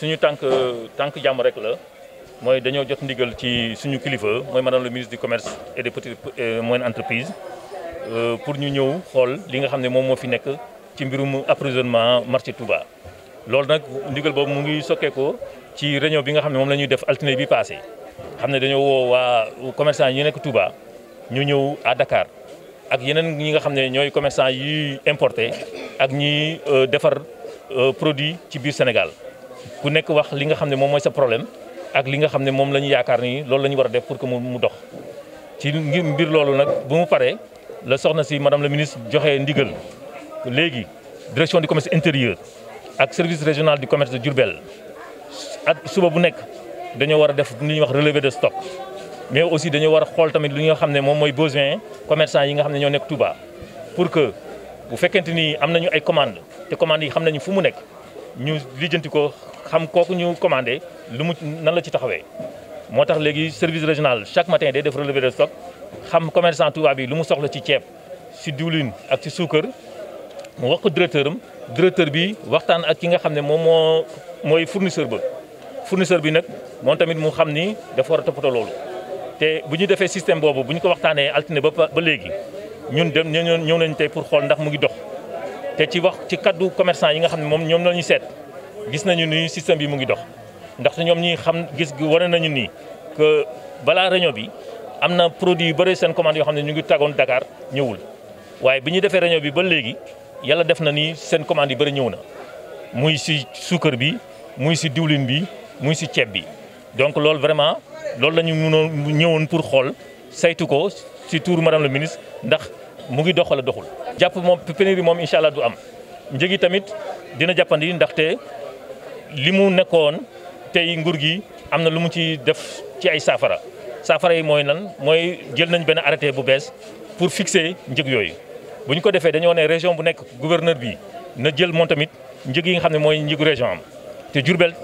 suñu tànk tànk jàmm rek la mooy dañoo jot ndigal ci suñu kilifa mooy madame le ministre du commerce et des petites et moyennes entreprises euh, pour ñu ñëw xool li nga xam ne moom moo fi nekk ci mbirum approvisionnement marché Touba. loolu nag ndigal boobu mu ngi sokkeekoo ci réunion bi nga xam ne moom lañuy def altine bi passé xam ne dañoo woo waa commerçant yi nekk Touba ñu ñëw à Dakar ak yeneen ñi nga xam ne ñooy commerçant yi importé ak ñi euh, defar euh, produit ci biir Sénégal. ku nekk wax li nga xam ne moom mooy sa problème ak li nga xam ne moom lañu yaakaar ni loolu la ñu war a def pour que mu dox. ci ngir mbir loolu nag bu mu paree la soxna si madame la ministre joxe ndigal léegi direction du commerce intérieur ak service régional du commerce de Diourbel ak suba bu nekk dañoo war a def lu ñuy wax relevé de stock. mais aussi dañoo war a xool tamit li nga xam ne moom mooy besoin commerçant yi nga xam ne ñoo nekk Touba pou que bu fekkente ni am nañu ay commande te yi xam nañu fu mu nekk. ñu lijjanti ko xam kooku ñu commandé lu mu nan la ci taxawee. moo tax léegi service régional chaque matin day def relevé de stock xam commerçant Touba bi lu mu soxla ci ceeb si diwlin ak si suukar mu wax ko directeur am directeur bi waxtaan ak ki nga xam ne moom moo mooy fournisseur ba. fournisseur bi nag moom tamit mu xam ni dafa war a toppatoo loolu te bu ñu defee système boobu bu ñu ko waxtaanee altine ba ba léegi ñun dem ñëw nañ tey pour xool ndax mu ngi dox. te ci wax ci kaddu commerçant yi nga xam ne moom ñoom la ñu seet gis nañu ni système bi mu ngi dox ndax ndaxte ñoom ñi xam gis gi wane nañu nii que balaa réunion bi am na produit yu bëri seen commande yoo xam ne ñu ngi tagoon dakaar ñëwul. waaye bi ñu defee réunion bi ba léegi yàlla def na ni seen commande yu bëri ñëw na muy si suukar bi muy si diwlin bi muy si ceeb bi donc loolu vraiment loolu la ñu mënoon ñëwoon pour xool saytu ko si tour madame le ministre ndax. mu ngi dox wala doxul. jàpp moom pénurie moom incha allah du am njëg yi tamit dina jàppandi ndaxte li mu nekkoon tey nguur gi am na lu mu ci def ci ay saafara saafara yi mooy nan mooy jël nañ benn arrêté bu bees pour fixer njëg yooyu. bu ñu ko defee dañoo ne région bu nekk gouverneur bi na jël moom tamit njëg yi nga xam ne mooy njëgu région am te Diourbel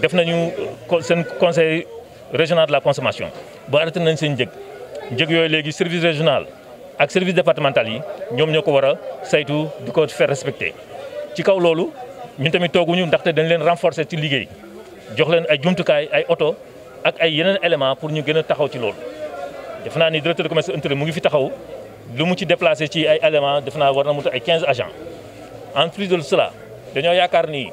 def nañu seen conseil régional de la consommation ba arrêté nañ seen njëg njëg yooyu léegi service régional. ak service départemental yi ñoom ñoo ko war a saytu di ko faire respecter ci kaw loolu ñun tamit tooguñu ndaxte dañu leen renforcer ci liggéey jox leen ay jumtukaay ay oto ak ay yeneen élément pour ñu gën a taxaw ci loolu. def naa ni directeur de commerce intérieur mu ngi fi taxaw lu mu ci déplacé ci ay élément def naa war na mu ay 15 agents en plus de cela dañoo yaakaar ni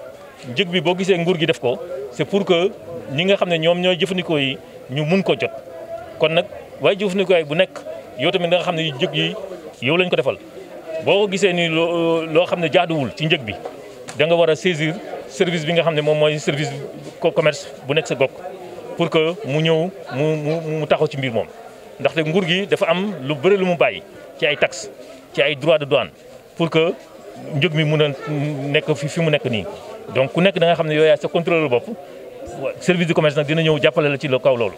njëg bi boo gisee nguur gi def ko c'est pour que ñi nga xam ne ñoom ñooy jëfandikoo yi ñu mun ko jot yow tamit nga xam ne njëg yi yow lañ ko defal boo gisee ni loo loo xam ne jaaduwul ci njëg bi danga war a saisir service bi nga xam ne moom mooy service commerce bu nekk sa gox pour que mu ñëw mu mu taxaw ci mbir moom. ndaxte nguur gi dafa am lu bëri lu mu bàyyi ci ay taxes ci ay droits de douane pour que njëg mi mun a nekk fi fi mu nekk nii donc ku nekk da nga xam ne yow yaay sa contrôle bopp service du commerce nag dina ñëw jàppale la ci la kaw loolu.